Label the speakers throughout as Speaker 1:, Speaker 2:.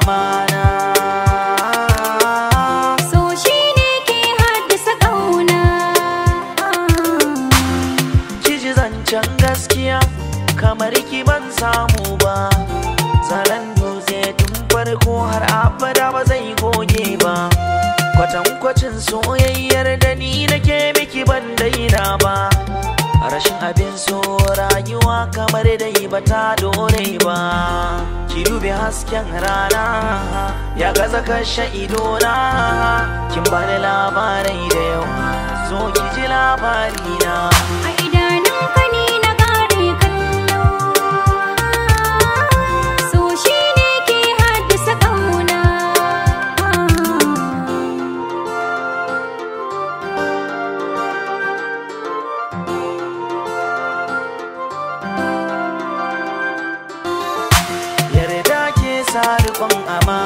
Speaker 1: amana So shi ne ke haddasa zan can gaskiya kamar ki ban samu ba Zaren dutse tun farko har abada ba zai goge ba Kwatankwacin soyayyar da ni nake miki ban daina ba rashin abin so rayuwa kamar dai ba ta dore ba gobe hasken rana ya gaza kashe na kin bani labarai da yawa zo ki ji labari na pang ama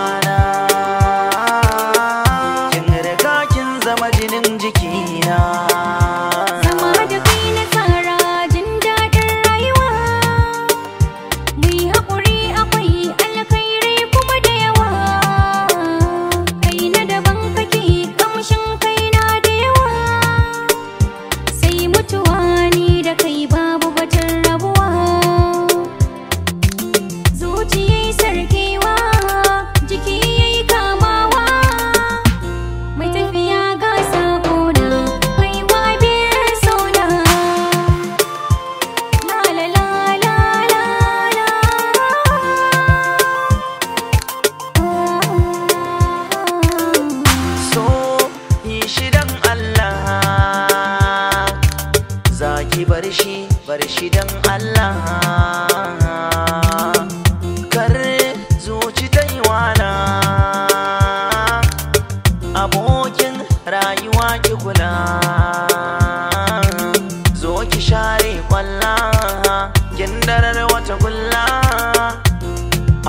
Speaker 1: bar shi don Allah kar zuci taiwana abokin rayuwa ki kula zo ki share kwalla gindarar wata kulla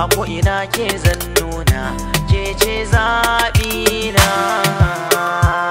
Speaker 1: a ko'ina ke zannuna nuna ke ce na.